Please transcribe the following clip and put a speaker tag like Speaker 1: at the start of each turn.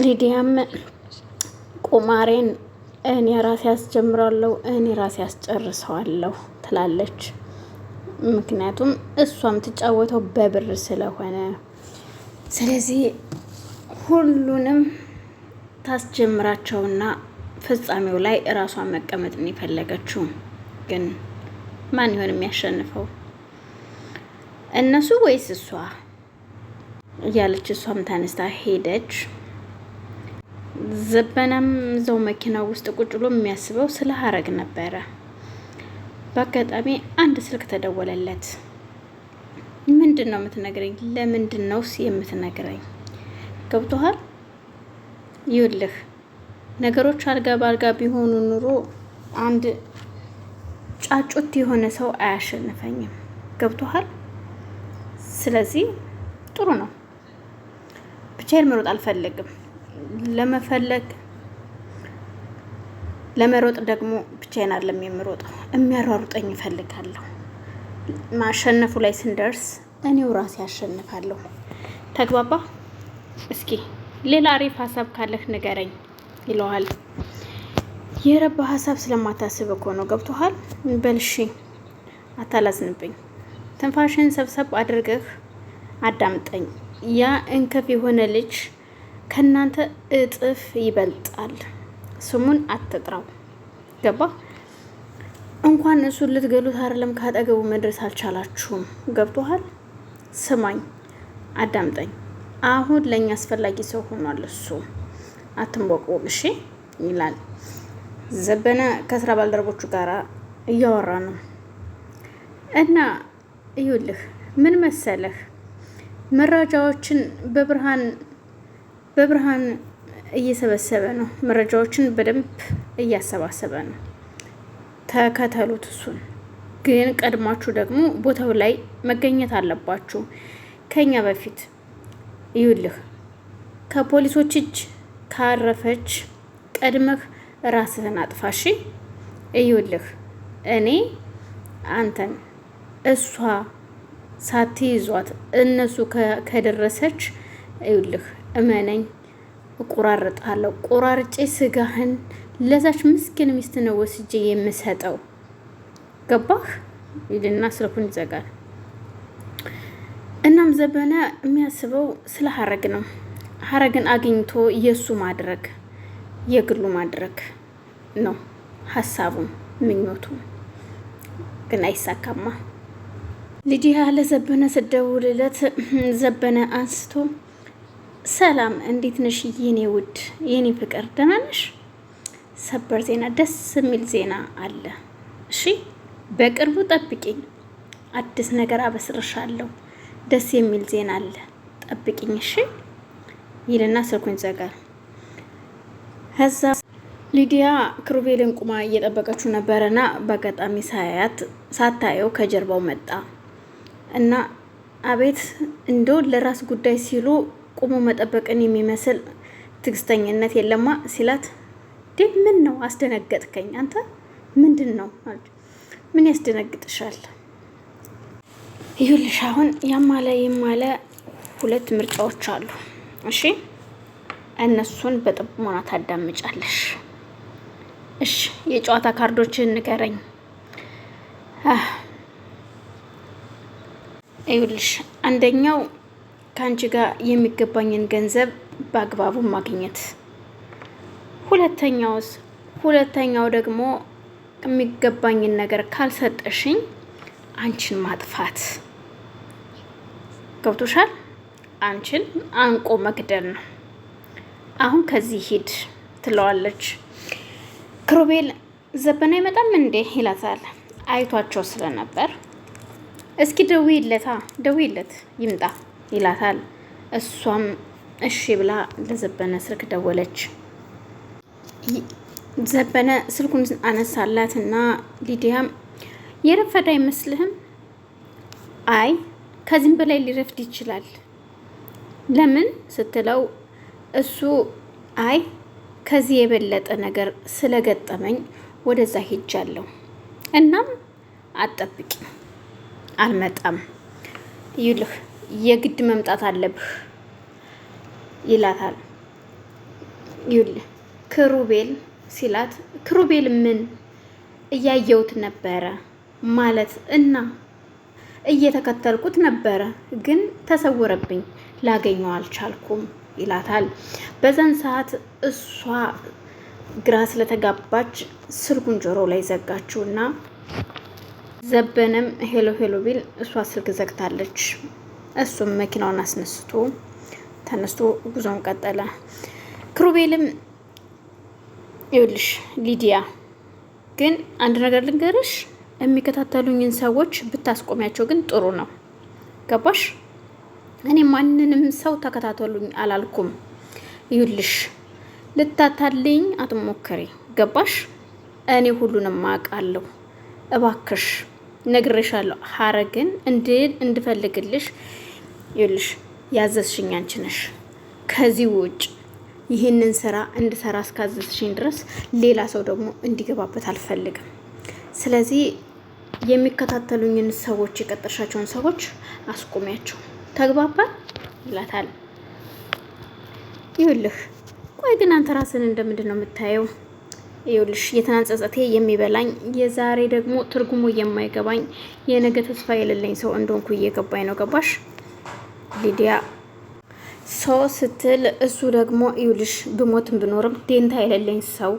Speaker 1: ሊዲያም ቁማሬን እኔ ራሴ ያስጀምራለሁ እኔ ራሴ ያስጨርሰዋለሁ ትላለች። ምክንያቱም እሷም ትጫወተው በብር ስለሆነ፣ ስለዚህ ሁሉንም ታስጀምራቸውና ፍጻሜው ላይ እራሷን መቀመጥ የፈለገችው። ግን ማን ይሆን የሚያሸንፈው እነሱ ወይስ እሷ? እያለች እሷም ተነስታ ሄደች። ዘበነም እዛው መኪና ውስጥ ቁጭ ብሎ የሚያስበው ስለ ሀረግ ነበረ። በአጋጣሚ አንድ ስልክ ተደወለለት። ምንድን ነው የምትነግረኝ? ለምንድን ነውስ የምትነግረኝ? ገብቶሃል? ይውልህ ነገሮች አልጋ በአልጋ ቢሆኑ ኑሮ አንድ ጫጩት የሆነ ሰው አያሸንፈኝም። ገብቶሃል? ስለዚህ ጥሩ ነው ብቻዬን መሮጥ አልፈልግም። ለመፈለግ ለመሮጥ ደግሞ ብቻዬን አይደለም የምሮጠው፣ የሚያሯሩጠኝ እፈልጋለሁ። ማሸነፉ ላይ ስንደርስ እኔው ራሴ አሸንፋለሁ። ተግባባ። እስኪ ሌላ አሪፍ ሀሳብ ካለህ ንገረኝ ይለዋል። የረባ ሀሳብ ስለማታስብ እኮ ነው። ገብቶሃል? በልሺ፣ አታላዝንብኝ። ትንፋሽን ሰብሰብ አድርገህ አዳምጠኝ። ያ እንከፍ የሆነ ልጅ ከእናንተ እጥፍ ይበልጣል። ስሙን አትጥራው። ገባ? እንኳን እሱን ልትገሉት አይደለም ካጠገቡ መድረስ አልቻላችሁም። ገብቶሃል? ስማኝ፣ አዳምጠኝ። አሁን ለእኛ አስፈላጊ ሰው ሆኗል እሱ። አትንቦቅቦቅ እሺ? ይላል ዘበነ ከስራ ባልደረቦቹ ጋር እያወራ ነው። እና እዩልህ ምን መሰለህ መረጃዎችን በብርሃን በብርሃን እየሰበሰበ ነው። መረጃዎችን በደንብ እያሰባሰበ ነው። ተከተሉት እሱን። ግን ቀድማችሁ ደግሞ ቦታው ላይ መገኘት አለባችሁ ከኛ በፊት። ይውልህ ከፖሊሶች እጅ ካረፈች ቀድመህ ራስህን አጥፋሽ። እዩልህ እኔ አንተን እሷ ሳትይዟት እነሱ ከደረሰች ይውልህ እመነኝ፣ እቆራርጣለሁ። ቆራርጬ ስጋህን ለዛች ምስኪን ሚስት ነው ወስጄ የምሰጠው። ገባህ? ይልና ስልኩን ይዘጋል። እናም ዘበነ የሚያስበው ስለ ሀረግ ነው። ሀረግን አግኝቶ የእሱ ማድረግ የግሉ ማድረግ ነው ሀሳቡም ምኞቱ ግን አይሳካማ። ልጅ ያለ ዘበነ ስደውልለት ዘበነ አንስቶ ሰላም እንዴት ነሽ? የኔ ውድ የኔ ፍቅር ደህና ነሽ? ሰበር ዜና፣ ደስ የሚል ዜና አለ። እሺ በቅርቡ ጠብቂኝ፣ አዲስ ነገር አበስርሻለሁ። ደስ የሚል ዜና አለ፣ ጠብቂኝ እሺ ይልና ስልኩን ይዘጋል። ከዛ ሊዲያ ክሩቤልን ቁማ እየጠበቀችው ነበረና በአጋጣሚ ሳያት ሳታየው ከጀርባው መጣ እና አቤት እንደው ለራስ ጉዳይ ሲሉ ቁሞ መጠበቅን የሚመስል ትዕግስተኝነት የለማ ሲላት፣ ዴ ምን ነው አስደነገጥከኝ? አንተ ምንድን ነው ምን ያስደነግጥሻል? ይሁልሽ አሁን ያማለ የማለ ሁለት ምርጫዎች አሉ። እሺ እነሱን በጥሞና ታዳምጫለሽ። እሺ የጨዋታ ካርዶችን ንገረኝ። ይሁልሽ አንደኛው ከአንቺ ጋር የሚገባኝን ገንዘብ በአግባቡ ማግኘት። ሁለተኛውስ ሁለተኛው ደግሞ የሚገባኝን ነገር ካልሰጠሽኝ አንቺን ማጥፋት ገብቶሻል። አንቺን አንቆ መግደል ነው። አሁን ከዚህ ሂድ ትለዋለች። ክሩቤል ዘበና አይመጣም እንዴ ይላታል። አይቷቸው ስለነበር እስኪ ደዊ ደውይለት ይምጣ ይላታል። እሷም እሺ ብላ ለዘበነ ስልክ ደወለች። ዘበነ ስልኩን አነሳላት እና ሊዲያም የረፈድ አይመስልህም? አይ ከዚህም በላይ ሊረፍድ ይችላል። ለምን ስትለው እሱ አይ ከዚህ የበለጠ ነገር ስለገጠመኝ ወደዛ ሄጃለሁ። እናም አጠብቂ አልመጣም ይልህ የግድ መምጣት አለብህ ይላታል። ይል ክሩቤል ሲላት ክሩቤል ምን እያየሁት ነበረ ማለት እና እየተከተልኩት ነበረ፣ ግን ተሰወረብኝ፣ ላገኘው አልቻልኩም ይላታል። በዛን ሰዓት እሷ ግራ ስለተጋባች ስልኩን ጆሮ ላይ ዘጋችው እና ዘበነም ሄሎ ሄሎ ቢል እሷ ስልክ ዘግታለች። እሱም መኪናውን አስነስቶ ተነስቶ ጉዞን ቀጠለ። ክሩቤልም ይኸውልሽ ሊዲያ፣ ግን አንድ ነገር ልንገርሽ፣ የሚከታተሉኝን ሰዎች ብታስቆሚያቸው ግን ጥሩ ነው። ገባሽ? እኔ ማንንም ሰው ተከታተሉኝ አላልኩም። ይኸውልሽ ልታታልኝ አትሞክሪ። ገባሽ? እኔ ሁሉንም አውቃለሁ። እባክሽ ነግሬሻለሁ። ሀረግን እንድል እንድፈልግልሽ ይልሽ ያዘዝሽኝ አንቺ ነሽ። ከዚህ ውጭ ይህንን ስራ እንድሰራ እስካዘዝሽኝ ድረስ ሌላ ሰው ደግሞ እንዲገባበት አልፈልግም። ስለዚህ የሚከታተሉኝን ሰዎች የቀጠርሻቸውን ሰዎች አስቆሚያቸው። ተግባባል ይላታል። ይኸውልህ ቆይ ግን አንተ ራስን እንደምንድን ነው የምታየው? ይኸውልሽ የትናንት ጸጸቴ የሚበላኝ የዛሬ ደግሞ ትርጉሙ የማይገባኝ የነገ ተስፋ የሌለኝ ሰው እንደሆንኩ እየገባኝ ነው። ገባሽ? ሊዲያ ሰው ስትል እሱ ደግሞ ይውልሽ ብሞትም ብኖርም ዴንታ የሌለኝ ሰው